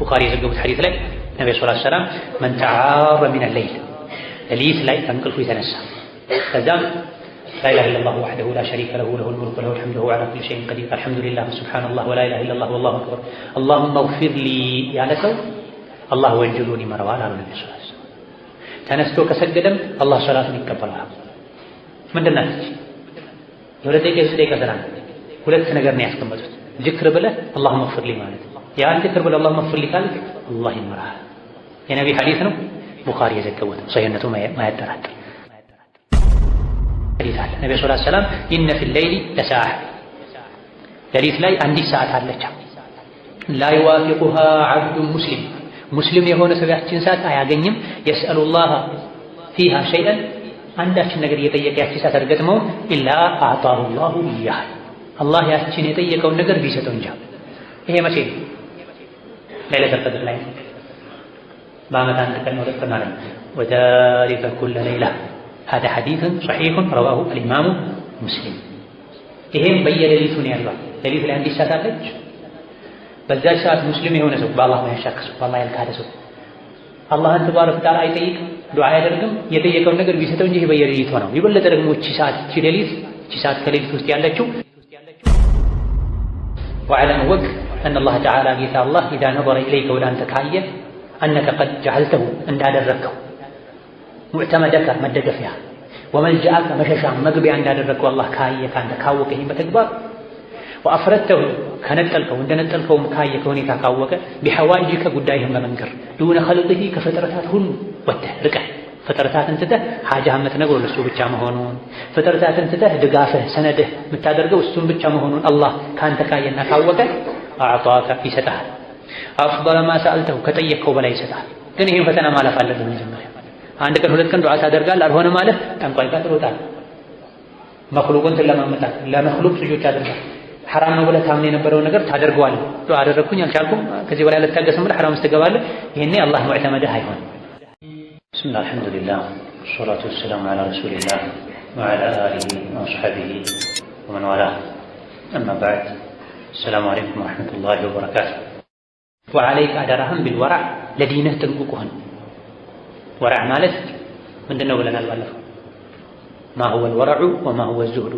ቡኻሪ የዘገቡት ሐዲስ ላይ ነቢ ስ ሰላም መን ተዓረ ሚን ሌይል ሌሊት ላይ ከእንቅልፉ የተነሳ ከዛም ላኢላሃ ኢለላሁ ወሕደሁ ላ ሸሪከ ለሁ ለሁል ሙልኩ ወለሁል ሐምዱ ወሁወ ዐላ ኩሊ ሸይኢን ቀዲር አልሐምዱሊላህ ወሱብሓነላህ ወላኢላሃ ኢለላህ ወላሁ አክበር አላሁመ ግፊር ሊ ያለ ሰው አላህ ወንጀሉን ይመረዋል አሉ ነቢ ስ ተነስቶ ከሰገደም አላህ ሰላቱን ይቀበለዋል። ምንድን ናት እቺ? የሁለት ደቂቃ የሶስት ደቂቃ ሰላት ሁለት ነገር ነው ያስቀመጡት። ጅክር ብለህ አላሁመ ግፊር ሊ ማለት የአንድ ቅርብ ለአላህ መፍል ሊካልክ አላህ ይመራሃል። የነቢ ሐዲስ ነው፣ ቡኻሪ የዘገቡት ሰሂህነቱ ማያጠራጥር ሐዲስ አለ። ነቢ ሰለላሁ ዐለይሂ ኢነ ፊል ለይሊ ለሰዓ ሌሊት ላይ አንዲት ሰዓት አለች ላ ይዋፊቁሃ ሙስሊም ሙስሊም የሆነ ሰው ያችን ሰዓት አያገኝም። የስአሉላህ ፊሃ ሸይአን አንዳችን ነገር እየጠየቀ ያችን ሰዓት አልገጥመው ኢላ አዕጣሁ ላሁ ኢያህ አላህ ያችን የጠየቀውን ነገር ቢሰጠው እንጂ ይሄ መቼ ነው? ለይለተል ቀድር ላይ በአመት አንድ ቀን ነው ለቀ ማለት ወዛሊከ ኩለ ለይላ ሀዳ ሐዲስን ሰሒሑን ረዋሁ አልኢማሙ ሙስሊም። ይሄም በየሌሊቱ ነው ያለው። ሌሊት ላይ አንዲት ሰዓት አለች። በዛች ሰዓት ሙስሊም የሆነ ሰው በአላህ ማያሻክስ በአላህ ያልካደ ሰው አላህን ተባረክ ተዓላ አይጠይቅም፣ ዱዓ አያደርግም። የጠየቀውን ነገር ቢሰጠው እንጂ በየሌሊቱ ነው። የበለጠ ደግሞ እቺ ሰዓት እቺ ሌሊት እቺ ሰዓት ከሌሊት ውስጥ ያለችው ወዓለም ወግ أن الله تعالى ጌታ አላህ إذا نظر إليك ወደ አንተ ካየ أنك قد جعلته እንዳደረግከው ሙዕተመደከ መደገፊያ ወመልጃአከ መሸሻ መግቢያ እንዳደረግከው አላህ ካየ ካንተ ካወቀ ይህን በተግባር ወአፍረተሁ ከነጠልከው እንደነጠልከውም ካየ ከሁኔታ ካወቀ ቢሐዋይጅከ ጉዳይህን በመንገር ዱነ ኸልቅህ ከፍጥረታት ሁሉ ወጥተህ ርቀህ ፍጥረታትን ትተህ ሐጃህን የምትነግረው ለእሱ ብቻ መሆኑን ፍጥረታትን ትተህ ድጋፍህ ሰነድህ የምታደርገው እሱን ብቻ መሆኑን አላህ ካንተ ካየና ካወቀ አዕጣከ ይሰጣል። አፍበለ ማ ሰአልተሁ ከጠየቅከው በላይ ይሰጣል። ግን ይህን ፈተና ማለፍ አለብህ። መጀመሪያ አንድ ቀን ሁለት ቀን ዱዓ ታደርጋል፣ አልሆነ ማለት ጠንቋይ ጋር ትሮጣል። መክሉቁን ትለማመጣል። ለመክሉቅ ልጆች አድርጋል። ሐራም ነው ብለህ ታምን የነበረውን ነገር ታደርገዋለህ። ዱዓ አደረግኩኝ አልቻልኩም፣ ከዚህ በላይ አልታገስም ብለህ ሐራም ውስጥ ትገባለህ። ይሄኔ አላህ ሙዕተመድህ አይሆንም። ብስሚላህ አልሐምዱሊላህ ወሰላቱ ወሰላሙ ዐላ ረሱሊላህ ወዐላ አሊሂ ወአስሐቢሂ ወመን ዋላህ አማ በዕድ አሰላሙ አለይኩም ወረሕመቱላሂ ወበረካቱ። ወዓለይከ አደራህም ቢልወራዕ ለዲነህ ጥንቁቅ ሁን። ወራዕ ማለት ምንድን ነው ብለናል ባለፈው። ማ ሁወ ልወረዑ ወማ ሁወ ዙህዱ።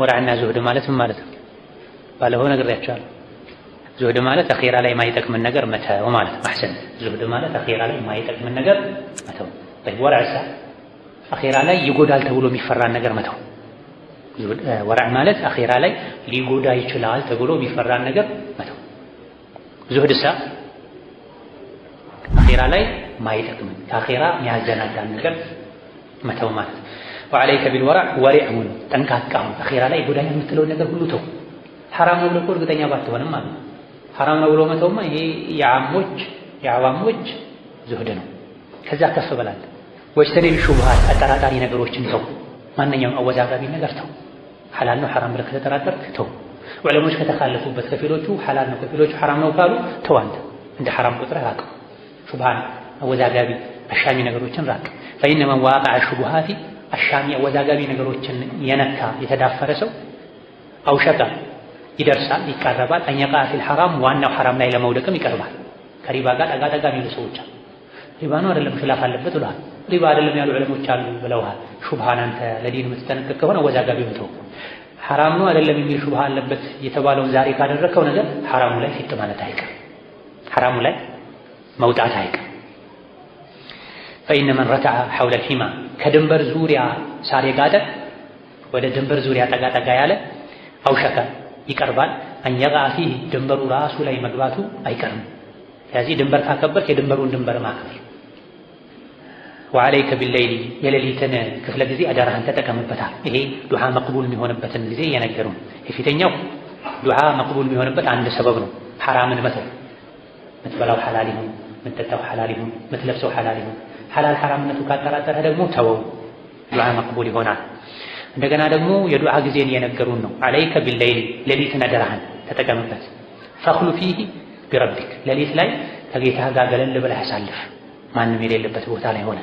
ወራዕና ዙህድ ማለት ምን ማለት ነው? ባለፈው ነግሬያቸዋለሁ። ዙህድ ማለት አኼራ ላይ የማይጠቅምን ነገር መተው ማለት ነው። አሕሰን። ዙህድ ማለት አኼራ ላይ የማይጠቅምን ነገር መተው። ወራዕ ሳ አኼራ ላይ ይጎዳል ተብሎ የሚፈራን ነገር መተው። ወራዕ ማለት አኼራ ላይ ሊጎዳ ይችላል ተብሎ የሚፈራን ነገር መተው። ዙህድ ሳ አኼራ ላይ ማይጠቅምን ከአኼራ የሚያዘናጋን ነገር መተው ማለት ነው። ወዐለይከ ቢልወራዕ ወሪዕሁን ጠንቃቃ ሁን። አኼራ ላይ ጎዳኛ የምትለውን ነገር ሁሉ ተው። ሐራም ነው ብሎ እኮ እርግጠኛ ባትሆንም ማለት ነው። ሐራም ነው ብሎ መተውማ ይሄ የዓሞች የአዋሞች ዙህድ ነው። ከዛ ከፍ ብላለህ። ወጅተኒብ ሹብሃት አጠራጣሪ ነገሮችን ተው። ማንኛውም አወዛጋቢ ነገር ተው። ሐላል ነው ሐራም ብለህ ከተጠራጠርክ ተው። ዑለሞች ከተካለፉበት ከፊሎቹ ሐላል ነው ከፊሎቹ ሐራም ነው ካሉ ተው። አንተ እንደ ሐራም ቁጥር ራቀው። ሹብሃን አወዛጋቢ አሻሚ ነገሮችን ራቅ። ፈኢነማ ዋቀዐ ሹቡሃቲ አሻሚ አወዛጋቢ ነገሮችን የነካ የተዳፈረ ሰው አውሸቃ ይደርሳል፣ ይቃረባል። አኛቃ ፊል ሐራም ዋናው ሐራም ላይ ለመውደቅም ይቀርባል። ከሪባ ጋር ጠጋ ጠጋ የሚሉ ሰዎች ሪባ ነው አይደለም ኺላፍ አለበት ብለዋል። ሪባ አይደለም ያሉ ዕለሞች አሉ ብለዋል። ሹብሃ አንተ ለዲን የምትጠነቀቅ ከሆነ አወዛጋቢ ብትሆን ሐራም ነው አይደለም የሚል ሹብሃ አለበት የተባለውን ዛሬ ካደረከው ነገር ሐራሙ ላይ ፊጥ ማለት አይቀር፣ ሐራሙ ላይ መውጣት አይቀር። ፈኢነ መን ረተዐ ሐውለ ሒማ ከድንበር ዙሪያ ሳር የጋጠ ወደ ድንበር ዙሪያ ጠጋጠጋ ያለ አውሸከ ይቀርባል አንየቃ ፊህ ድንበሩ ራሱ ላይ መግባቱ አይቀርም። ስለዚህ ድንበር ካከበርክ የድንበሩን ድንበር ማክበር ወዓለይከ ቢለይሊ የሌሊትን ክፍለ ጊዜ አዳራህን ተጠቀምበታል። ይሄ ዱዓ መቅቡል የሚሆንበትን ጊዜ እየነገሩ የፊተኛው ዱዓ መቅቡል የሚሆንበት አንድ ሰበብ ነው። ሐራምን መተው፣ የምትበላው ሐላል ይሁን፣ የምትጠጣው ሐላል ይሁን፣ የምትለብሰው ሐላል ይሁን። ሐላል ሐራምነቱ ካጠራጠረ ደግሞ ተወው፣ ዱዓ መቅቡል ይሆናል። እንደገና ደግሞ የዱዓ ጊዜን እየነገሩን ነው። አለይከ ቢለይሊ ሌሊትን አደራህን ተጠቀምበት። ፈኽሉ ፊሂ ቢረቢክ ሌሊት ላይ ከጌታ ጋር ገለል ብለህ አሳልፍ፣ ማንም የሌለበት ቦታ ላይ ሆነ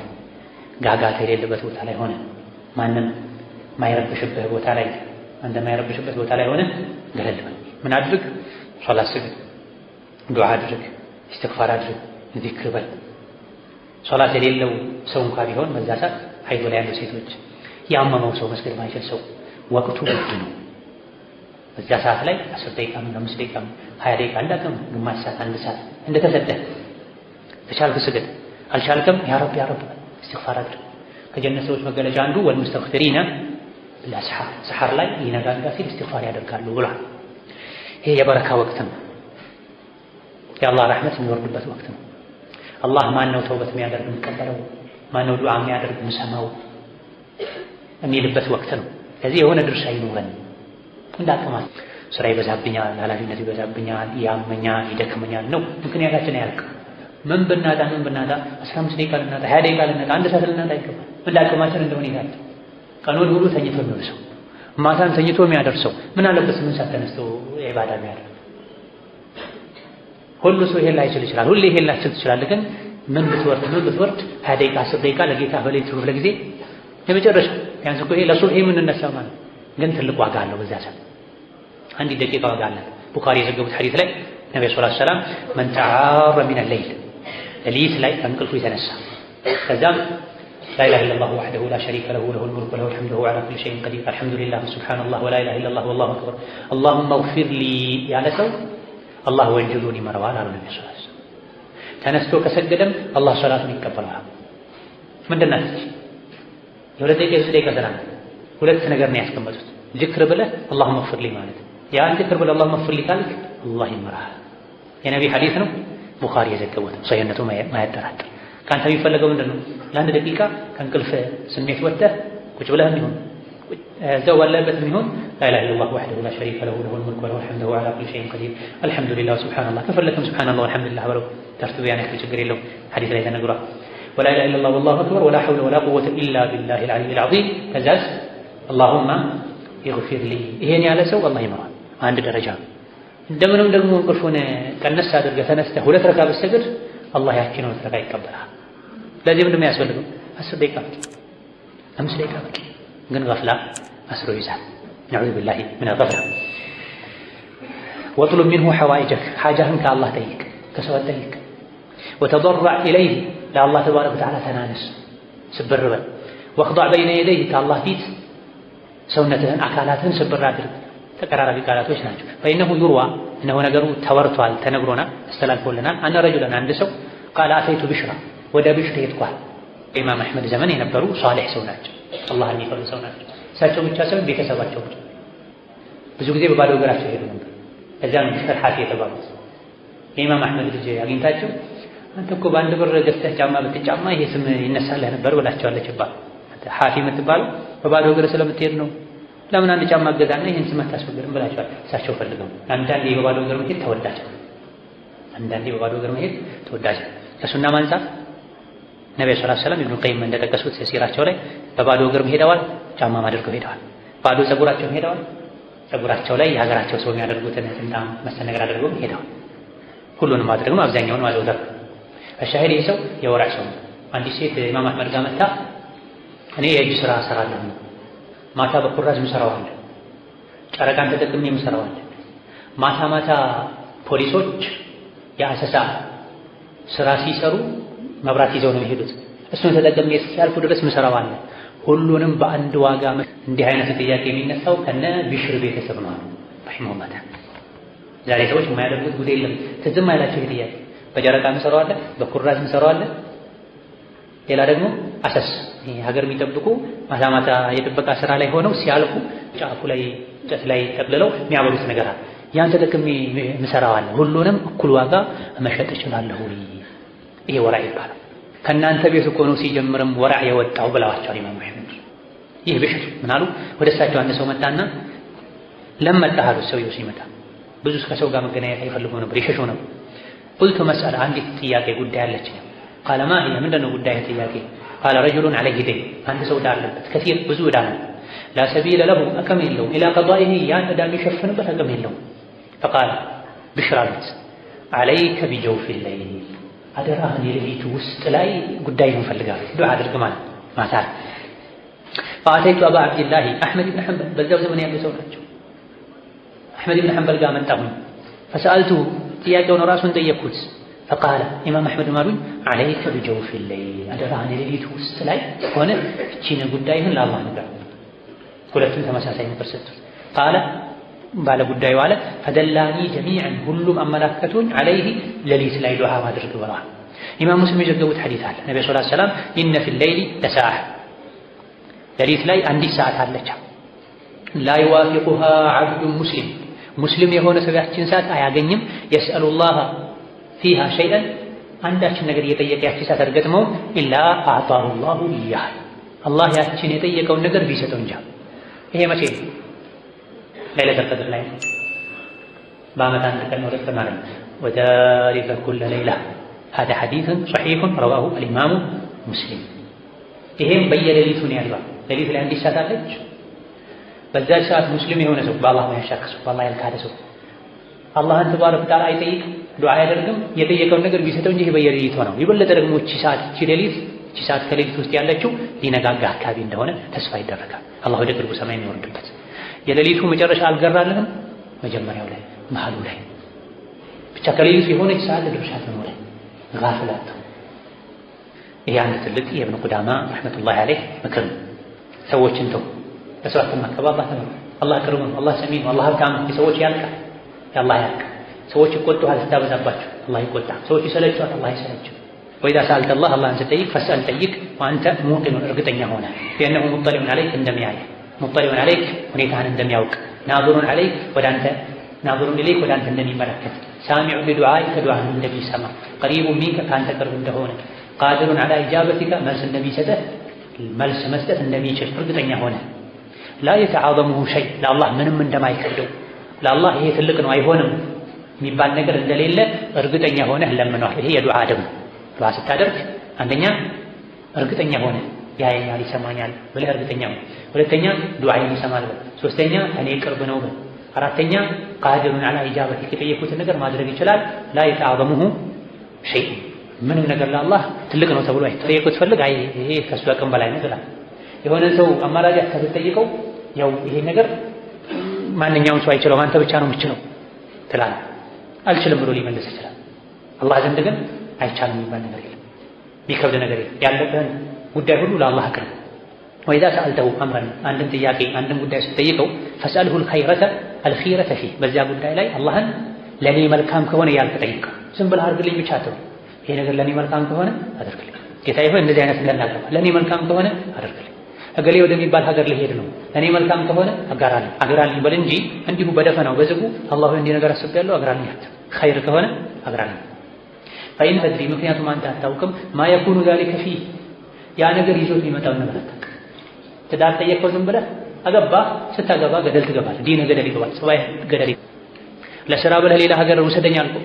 ጋጋታ የሌለበት ቦታ ላይ ሆነ ማንም ማይረብሽበት ቦታ ላይ አንተ ማይረብሽበት ቦታ ላይ ሆነ ገለል ምን አድርግ ሶላት ስግድ ዱዓ አድርግ ኢስትግፋር አድርግ ዚክር በል ሶላት የሌለው ሰው እንኳ ቢሆን በዛ ሰዓት ሀይድ ላይ ያሉ ሴቶች ያመመው ሰው መስገድ ማይችል ሰው ወቅቱ ውድ ነው በዛ ሰዓት ላይ አስር ደቂቃ ምን አምስት ደቂቃ ሀያ ደቂቃ እንዳቅም ግማሽ ሰዓት አንድ ሰዓት እንደተሰጠህ ተቻልክ ስግድ አልቻልክም ያ ረብ ያ ረብ እስትግፋር አድርግ። ከጀነት ሰዎች መገለጫ አንዱ ወልሙስተግፊሪነ ቢልአስሓር ሰሐር ላይ ነጋ ሲል እስትግፋር ያደርጋሉ ብሏል። ይሄ የበረካ ወቅት ነው። የአላህ ረሕመት የሚወርድበት ወቅት ነው። አላህ ማን ነው ተውበት የሚያደርግ የሚቀበለው፣ ማን ነው ዱዓ የሚያደርግ የሚሰማው የሚልበት ወቅት ነው። ለዚህ የሆነ ድርሻ ይኖረን እንዳቅማ ስራ ይበዛብኛል፣ ኃላፊነት ይበዛብኛል፣ ያመኛል፣ ይደክመኛል ነው ምክንያታችን አያልቅም። ምን ብናጣ ምን ብናጣ አስራ ደቂቃ ልናጣ 20 ደቂቃ ልናጣ አንድ ሰዓት ልናጣ አይገባል። እንደ አቅማችን እንደሆነ ይላል። ቀኑን ሙሉ ተኝቶ የሚወርሰው ማታን ተኝቶ የሚያደርሰው ምን አለበት ስምንት ሰዓት ተነስቶ ኢባዳ የሚያደርግ ሁሉ ሰው ይሄን ላይችል ይችላል። ሁሉ ይሄን ላይችል ይችላል። ግን ምን ብትወርድ ምን ብትወርድ 20 ደቂቃ 10 ደቂቃ ለጌታ በሌት ክፍለ ለጊዜ የመጨረሻ ቢያንስ እኮ ይሄ ለሱብሂ የምንነሳ ማለት ግን ትልቅ ዋጋ አለው። በዚያ ሰዓት አንዲት ደቂቃ ዋጋ አለ። ቡኻሪ የዘገቡት ሐዲስ ላይ ነብዩ ሰለላሁ ዐለይሂ ወሰለም መን ተዓረ ሚነል ለይል ሌሊት ላይ ከእንቅልፉ የተነሳ ከዛም لا إله إلا الله وحده لا شريك له له الملك وله الحمد وهو على كل شيء قدير الحمد لله سبحان الله ولا إله إلا الله والله أكبر اللهم اغفر لي ያለ ሰው አላህ ወንጀሉን ይመረዋል አሉ ነቢ ስላ ተነስቶ ከሰገደም አላህ ሰላቱን ይቀበለዋል ምንድናት የሁለት ደቂቃ የሶስት ደቂቃ ሰላት ሁለት ነገር ነው ያስቀመጡት ዚክር ብለህ አላሁመ ግፍር ሊ ማለት ያን ዚክር ብለህ አላሁመ ግፍር ሊ ካልክ አላህ ይመራሃል የነቢ ሐዲስ ነው ቡኻሪ የዘገቡት ሰውነቱ ማያጠራጥር ከአንተ የሚፈለገው ምንድን ነው? ለአንድ ደቂቃ ከእንቅልፍ ስሜት ወጥተህ ቁጭ ብለህም ይሁን እዛው ባለህበትም ይሁን ላ ኢላሀ ኢለላህ ወሕደሁ ላ ሸሪከ ለሁ ለሁል ሙልኩ ወለሁል ሐምዱ ወዐላ ኩሊ ሸይኢን ቀዲር አልሐምዱሊላህ ሱብሓነላህ ከፈለክም ሱብሓነላህ አልሐምዱሊላህ በለው ተርቲቡ ያን ያክል ችግር የለውም ሐዲስ ላይ ተነግሯል ወላ ኢላሀ ኢለላህ ወላሁ አክበር ወላ ሐውለ ወላ ቁወተ ኢላ ቢላሂል አሊይል ዐዚም ከዛስ አላሁማ ይግፊር ሊ ይሄን ያለ ሰው አላህ ይምራል አንድ ደረጃ ነው እንደምንም ደግሞ እንቅልፉን ቀነስ አድርገህ ተነስተህ ሁለት ረካ ብትሰግድ አላህ ያቺን ሁለት ረካ ይቀበላል። ለዚህ ምንድን ነው የሚያስፈልገው? አስር ደቂቃ በቂ፣ አምስት ደቂቃ በቂ። ግን ገፍላ አስሮ ይዛል። ነዑዙ ቢላሂ ምን ገፍላ። ወጥሉብ ሚንሁ ሐዋኢጀክ፣ ሓጃህን ከአላህ ጠይቅ፣ ከሰው ጠይቅ። ወተضረዕ ኢለይህ፣ ለአላህ ተባረከ ወተዓላ ተናነስ፣ ስብር በል። ወኽዳዕ በይነ የደይህ፣ ከአላህ ፊት ሰውነትህን አካላትህን ስብር አድርግ ተቀራራቢ ቃላቶች ናቸው። ፈኢነሁ ዩርዋ እነሆ ነገሩ ተወርቷል፣ ተነግሮናል፣ አስተላልፎልናል። አነ ረጁለን አንድ ሰው ቃል አተይቱ ብሽራ ወደ ብሽር ሄድኳል። ኢማም አሕመድ ዘመን የነበሩ ሷሊሕ ሰው ናቸው፣ አላህ የሚፈሩ ሰው ናቸው። እሳቸው ብቻ ሳይሆን ቤተሰባቸው ብዙ ጊዜ በባዶ እግራቸው ሄዱ ነበር። ከዚያ ነው ብሽር ሐፊ የተባሉት። የኢማም አሕመድ ልጅ አግኝታቸው አንተ እኮ በአንድ ብር ገዝተህ ጫማ ብትጫማ ይሄ ስም ይነሳልህ ነበር ብላቸዋለች። ባ ሐፊ የምትባለው በባዶ እግር ስለምትሄድ ነው ለምን አንድ ጫማ እገዛና ይህን ስም አታስፈቅድም ብላችኋል። እሳቸው ፈልገው አንዳንዴ በባዶ እግር መሄድ ተወዳጅ፣ አንዳንዴ በባዶ እግር መሄድ ተወዳጅ ከሱና ማንጻት ነብዩ ሰለላሁ ዐለይሂ ወሰለም ኢብኑ ቀይም እንደጠቀሱት ሲራቸው ላይ በባዶ እግርም ሄደዋል፣ ጫማም አድርገው ሄደዋል፣ ባዶ ፀጉራቸውም ሄደዋል። ፀጉራቸው ላይ የሀገራቸው ሰው የሚያደርጉትን ጥምጣም መሰል ነገር አድርገውም ሄደዋል። ሁሉንም ማድረግ ነው፣ አብዛኛውን ማዘውተር። አሻሂድ ይህ ሰው የወራጭ ሰው። አንዲት ሴት ኢማማት አህመድ ጋር እኔ የእጅ ስራ እሰራለሁ ማታ በኩራዝ ምሰራዋለሁ፣ ጨረቃን ተጠቅሜ አለ። ማታ ማታ ፖሊሶች የአሰሳ ስራ ሲሰሩ መብራት ይዘው ነው የሄዱት። እሱን ተጠቅሜ እስኪያልፉ ድረስ ምሰራው አለ። ሁሉንም በአንድ ዋጋ እንዲህ አይነት ጥያቄ የሚነሳው ከነ ቢሽር ቤተሰብ ነው አሉ ረሂመሁላህ። ዛሬ ሰዎች የማያደርጉት ጉድ የለም። ትዝም አይላቸው ይህ ጥያቄ በጨረቃ ምሰራዋለሁ፣ በኩራዝ አለ ሌላ ደግሞ አሰስ ሀገር የሚጠብቁ ማታ ማታ የጥበቃ ስራ ላይ ሆነው ሲያልፉ ጫፉ ላይ እንጨት ላይ ጠቅልለው የሚያበሉት ነገር አለ። ያን ተጠቅሜ ምሰራዋለሁ ሁሉንም እኩል ዋጋ መሸጥ እችላለሁ። ይሄ ወራዕ ይባላል። ከእናንተ ቤት እኮ ነው ሲጀምርም ወራዕ የወጣው ብለዋቸዋል ኢማም አሕመድ። ይህ ብሽር ምናሉ አሉ? ወደ እሳቸው አንድ ሰው መጣና ለመጣህ አሉት። ሰውየው ሲመጣ ብዙ ከሰው ጋር መገናኘት አይፈልጉ ነበር፣ ይሸሹ ነበር። ቁልቱ መስአል አንዲት ጥያቄ ጉዳይ አለችኝ ቃለ ማ ሂየ ምንድነው ጉዳይ ጥያቄ ቃለ ረጅሉን ዐለይሂ ደይን አንድ ሰው ዕዳ አለበት ከሲር ብዙ ዕዳ ነው ላ ሰቢለ ለሁ አቅም የለውም ኢላ ቀዷኢሂ ያን ዕዳ የሚሸፍንበት አቅም የለውም ፈቃለ ብሽር አሉት ዐለይከ ቢጀውፊ ለይል አደራህን የሌሊቱ ውስጥ ላይ ጉዳይ እንፈልጋለን ዱዓ አድርግ ማለት ማታ ፈአተይቱ አባ አብድላሂ አሕመድ ብን ሐንበል በዚያው ዘመን ያሉ ሰው ናቸው አሕመድ ብን ሐንበል ጋር መጣሁኝ ፈሰአልቱ ጥያቄውን ራሱን ጠየቅኩት ፈቃለ ኢማም አሕመድ ማሉኝ ዓለይከ ብጀውፍ ሌይል አደራህን የሌሊቱ ውስጥ ላይ ሆነ እቺን ጉዳይህን ለአላህ ንገር። ሁለቱም ተመሳሳይ ምክር ሰጡት። ቃለ ባለ ጉዳዩ አለ ፈደላኒ ጀሚዐን ሁሉም አመላከቱን ዓለይህ ሌሊት ላይ ዱዓ ማድረግ ብለዋል። ኢማም ሙስሊም የዘገቡት ሐዲት አለ ነቢ ላ ሰላም ኢነ ፊ ሌይሊ ለሰዓህ ሌሊት ላይ አንዲት ሰዓት አለቻ ላ ዩዋፊቁሃ ዓብዱን ሙስሊም ሙስሊም የሆነ ሰው ያችን ሰዓት አያገኝም የስአሉላህ ፊሃ ሸይአን አንዳችን ነገር እየጠየቀ ያቺ ሰዓት ገጥመው ኢላ አዕጣሁ ላሁ ኢያህ አላህ ያችን የጠየቀውን ነገር ቢሰጠው እንጂ። ይሄ መቼ ነው? ለይለተል ቀድር ላይ ነው። በዓመት አንድ ቀን ሁለት ቀን ማለት ነው። ወዛሊከ ኩለ ለይላ ሀዳ ሐዲሱን ሰሒሑን ረዋሁ አልኢማሙ ሙስሊም። ይሄም በየሌሊቱ ነው ያለው። ሌሊት ላይ አንዲት ሰዓት አለች። በዛ ሰዓት ሙስሊም የሆነ ሰው በአላህ ያሻከሰው በአላህ ያልካደ ሰው አላህን ተባረከ ወተዓላ አይጠይቅም ዱዓ አያደርግም። የጠየቀውን ነገር ቢሰጠው እንጂ በየሌሊቷ ነው። የበለጠ ደግሞ እቺ ሰዓት እቺ ሌሊት እቺ ሰዓት ከሌሊት ውስጥ ያለችው ሊነጋጋ አካባቢ እንደሆነ ተስፋ ይደረጋል። አላህ ወደ ቅርቡ ሰማይ የሚወርድበት የሌሊቱ መጨረሻ አልገራልህም፣ መጀመሪያው ላይ መሀሉ ላይ ብቻ ከሌሊቱ የሆነች ሰዓት ለድርሻት ነው ላይ ጋፍላት ይሄ አንድ ትልቅ የእብኑ ቁዳማ ረሕመቱላሂ አለይህ ምክር ነው። ሰዎችን ተው በሰዋት ማከባባ ተመ አላህ ቅርቡ ነው። አላህ ሰሚ ነው። አላህ ሀብታም የሰዎች ያልቃል፣ የአላህ ያልቃል ሰዎች ይቆጡሃል ስታበዛባቸው፣ አላህ ይቆጣ። ሰዎች ይሰለቹሃል፣ አላህ ይሰለችው። ወኢዛ ሰአልተላህ አላህን ስጠይቅ ፈስአል ጠይቅ ወአንተ ሙቂኑን እርግጠኛ ሆነ የእነሁ ሙጠሊዑን ዐለይክ እንደሚያይ ሙጠሊዑን ዐለይክ ሁኔታህን እንደሚያውቅ ናዙሩን ዐለይክ ወዳንተ አንተ ናዙሩን ኢለይክ ወደ እንደሚመለከት ሳሚዑ ሊዱዓኢከ ዱዓህን እንደሚሰማ ቀሪቡ ሚንከ ከአንተ ቅርብ እንደሆነ ቃድሩን ዐላ ኢጃበቲከ መልስ እንደሚሰጥህ መልስ መስጠት እንደሚችል እርግጠኛ ሆነ ላ የተዓዘሙሁ ሸይ ለአላህ ምንም እንደማይከብደው ለአላህ ይሄ ትልቅ ነው አይሆንም የሚባል ነገር እንደሌለ እርግጠኛ ሆነህ ለምነዋል። ይሄ የዱዓ ደግሞ ዱዓ ስታደርግ አንደኛ እርግጠኛ ሆነ ያየኛል፣ ይሰማኛል ብለህ እርግጠኛ ሆነ። ሁለተኛ ዱዓዬን ይሰማል በል። ሶስተኛ እኔ ቅርብ ነው በል። አራተኛ ቃድሩን አላ ኢጃበት የጠየኩትን ነገር ማድረግ ይችላል። ላ የተአበሙሁ ሸይ ምንም ነገር ለአላህ ትልቅ ነው ተብሎ ጠየቁት ፈልግ አይ ይሄ ከሱ አቅም በላይ ነው ትላለህ። የሆነ ሰው አማላጅ ከተጠይቀው ያው ይሄ ነገር ማንኛውም ሰው አይችለውም አንተ ብቻ ነው የምችለው ትላለህ። አልችልም ብሎ ሊመልስ ይችላል። አላህ ዘንድ ግን አይቻልም የሚባል ነገር የለም፣ የሚከብድ ነገር የለም። ያለብህን ጉዳይ ሁሉ ለአላህ አቅርብ። ወይዛ ሰአልተሁ አምረን አንድን ጥያቄ አንድን ጉዳይ ስትጠይቀው ፈስአልሁ አልኸይረተ አልኸይረተ ፊህ በዚያ ጉዳይ ላይ አላህን ለእኔ መልካም ከሆነ ያልክ ጠይቀው። ዝም ብለህ አድርግልኝ ብቻ አትበል። ይሄ ነገር ለእኔ መልካም ከሆነ አድርግልኝ ጌታዬ ሆይ እንደዚህ አይነት ነገር ለእኔ መልካም ከሆነ አድርግልኝ እገሌ ወደሚባል ሀገር ልሄድ ነው፣ እኔ መልካም ከሆነ አጋራለሁ አገራለሁ በል እንጂ እንዲሁ በደፈናው በዝጉ አላህ ሆይ እንዲህ ነገር አስቤያለሁ አገራለሁ ኸይር ከሆነ አገራለሁ ፈኢን ተድሪ ምክንያቱም አንተ አታውቅም ማ ማየኩኑ ዛሊከ ፊ ያ ነገር ይዞት የሚመጣውን ነገር አታውቅም። ትዳር ጠየቀው ዝም ብለህ አገባ ስታገባ ገደል ትገባለህ። ዲን ገደል ይገባል። ሰባይ ገደል ይገባል። ለስራ ብለህ ሌላ ሀገር ውሰደኝ አልኩህ።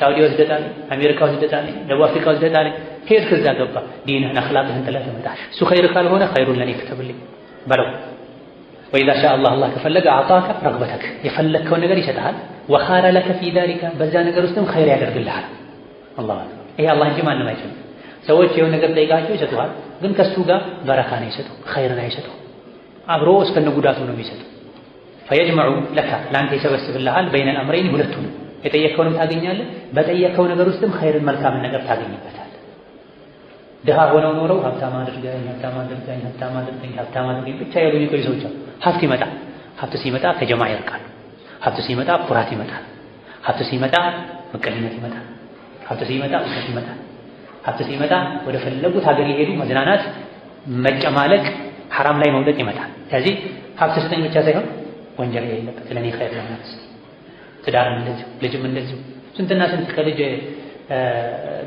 ሳውዲ ወስደታለህ፣ አሜሪካ ወስደታለህ፣ ደቡብ አፍሪካ ወስደታለህ ሄድ ከዛ ገባ ዲንህን አኽላቅህን ጥለህ ትመጣለህ። እሱ ኸይር ካልሆነ ኸይሩን ለኔ ክተብልኝ በለው። ወኢዛ ሻ አላህ አላህ ከፈለገ አዕጣከ ረግበተክ የፈለግከውን ነገር ይሰጥሃል። ወኻረ ለከ ፊ ዛሊካ በዛ ነገር ውስጥም ኸይር ያደርግልሃል። አላህ ይሄ አላህ እንጂ ማንም አይችልም። ሰዎች የሆነ ነገር ጠይቃቸው ይሰጡሃል፣ ግን ከሱ ጋር በረካን አይሰጡ፣ ኸይርን አይሰጡ፣ አብሮ እስከነ ጉዳቱ ነው የሚሰጡ። ፈየጅመዑ ለካ ለአንተ ይሰበስብልሃል በይነል አምረይን ሁለቱንም የጠየቅከውንም ታገኛለህ፣ በጠየቅከው ነገር ውስጥም ኸይርን መልካምን ነገር ታገኝበት ድሃ ሆነው ኖረው ሀብታም አድርገኝ ሀብታም አድርገኝ ሀብታም አድርገኝ ሀብታም አድርገኝ ብቻ ያሉ የሚቆዩ ሰዎች አሉ። ሀብት ይመጣ ሀብት ሲመጣ ከጀማ ይርቃሉ። ሀብት ሲመጣ ኩራት ይመጣል። ሀብት ሲመጣ ምቀኝነት ይመጣል። ሀብት ሲመጣ እውቀት ይመጣል። ሀብት ሲመጣ ወደ ፈለጉት ሀገር የሄዱ መዝናናት፣ መጨማለቅ፣ ሐራም ላይ መውደቅ ይመጣል። ስለዚህ ሀብት ስጠኝ ብቻ ሳይሆን ወንጀል የሌለበት ለእኔ ኸይር ለማለት ትዳርም እንደዚሁ ልጅም እንደዚሁ ስንትና ስንት ከልጅ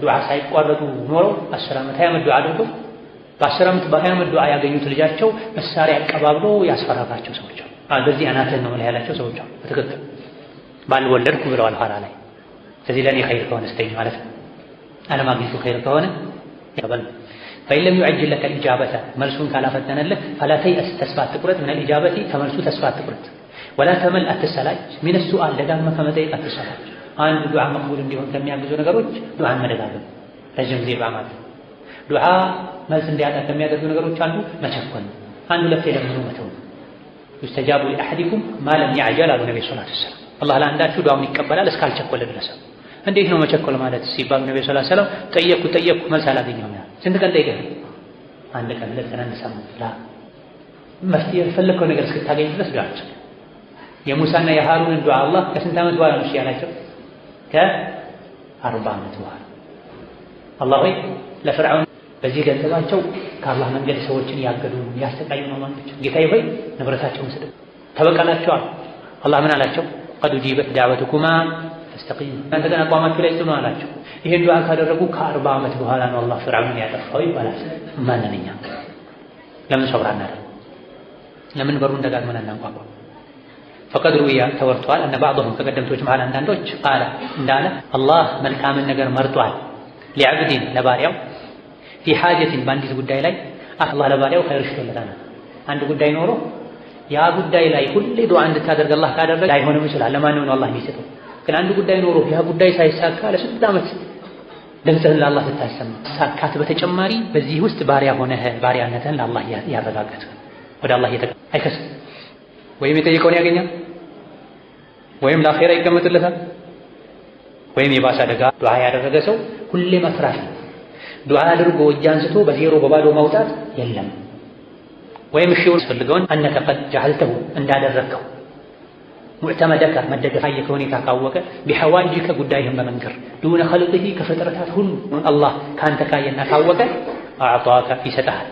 ዱዓ ሳይቋረጡ ኖረው አስር ዓመት ሀያ ዓመት ዱዓ አድርገው በአስር ዓመት በሀያ ዓመት ዱዓ ያገኙት ልጃቸው መሳሪያ አቀባብሎ ያስፈራራቸው ሰዎች አሉ። በዚህ አናትህን ነው ያላቸው ሰዎች አሉ። በትክክል ባልወለድኩ ብለዋል ኋላ ላይ። ስለዚህ ለእኔ ኸይር ከሆነ ስተኝ ማለት ነው። አለማግኘቱ ኸይር ከሆነ ያበል فإن لم يعجل لك الإجابة መልሱን ካላፈጠነልህ فلا تيأس ተስፋ አትቁረጥ من الإجابة ከመልሱ ተስፋ አትቁረጥ ولا تمل አትሰላች من السؤال ደጋግመህ ከመጠየቅ አትሰላች አንድ ዱዓ መቅቡል እንዲሆን ከሚያግዙ ነገሮች ዱዓን መደጋገም፣ ረጅም ጊዜ ዱዓ ማለት። ዱዓ መልስ እንዲያጣ ከሚያደርጉ ነገሮች አንዱ መቸኮል፣ አንዱ ለፍቶ ለምኑ መተው። ዩስተጃቡ ሊአሐዲኩም ማለም ያዕጀል አሉ ነቢ ሰለላሁ ዐለይሂ ወሰለም። አላህ ለአንዳችሁ ዱዓውን ይቀበላል እስካልቸኮለ ድረስ። እንዴት ነው መቸኮል ማለት ሲባሉ ነቢ ሰለላሁ ዐለይሂ ወሰለም ጠየቅኩ ጠየቅኩ መልስ አላገኘሁም ያለ። ስንት ቀን ጠይቀህ? አንድ ቀን፣ ሁለት ቀን፣ አንድ ሳምንት። ላ መፍትሄ የፈለግከው ነገር እስክታገኝ ድረስ ዱዓ አድርግ። የሙሳና የሃሩንን ዱዓ አላህ ከስንት ዓመት በኋላ ነው እሺ ያላቸው ከአርባ ዓመት በኋላ አላህ ሆይ ለፍርዓውን በዚህ ገንዘባቸው ከአላህ መንገድ ሰዎችን ያገዱ ያስተቃዩ ነው ማለቸው። ጌታዬ ሆይ ንብረታቸውን ስደድ ተበቀላቸው አላህ ምን አላቸው? ቀድ ኡጂበት ዳዕወቱኩማ ፈስተቂሙ እናንተ ግን አቋማችሁ ላይ ጽኑ አላቸው። ይሄን ዱዓ ካደረጉ ከአርባ ዓመት በኋላ ነው አላህ ፍርዓውን ያጠፋው ይባላል። ማንንኛ ለምን ሰብራና ለምን በሩን ደጋግመን እናንኳኳ? ፈቀድ ሩያ ተወርቷል። እነ ባዕضሁም ከቀደምቶች መሃል አንዳንዶች ቃለ እንዳለ አላህ መልካምን ነገር መርጧል። ሊዐብዲን ለባሪያው ፊ ሓጀትን በአንዲት ጉዳይ ላይ አላህ ለባሪያው ኸይር ሽቶለታል። አንድ ጉዳይ ኖሮ ያ ጉዳይ ላይ ሁሌ ዱዓ እንድታደርግ አላህ ካደረገ አይሆንም ይችላል። ለማንም ነው አላህ የሚሰጠው። ግን አንድ ጉዳይ ኖሮ ያ ጉዳይ ሳይሳካ ለስንት ዓመት ድምፅህን ለአላህ ስታሰማ ሳካት በተጨማሪ በዚህ ውስጥ ባሪያ ሆነህ ባሪያነትህን ለአላህ ያረጋገጥህ ወደ አላህ እየተቀ አይከስም ወይም የጠየቀውን ያገኛል፣ ወይም ለአኼራ ይቀመጥለታል፣ ወይም የባሰ አደጋ። ዱዓ ያደረገ ሰው ሁሌ መፍራት ዱዓ አድርጎ እጅ አንስቶ በዜሮ በባዶ ማውጣት የለም። ወይም እሺውን ያስፈልገውን አነከ ቀድ ጀዐልተሁ እንዳደረግከው ሙዕተመደከ መደገፋየ ከሁኔታ ካወቀ ቢሐዋጅከ ጉዳይህን በመንገር ዱነ ኸልቅህ ከፍጥረታት ሁሉ አላህ ከአንተ ካየና ካወቀ አዕጣከ ይሰጠሃል።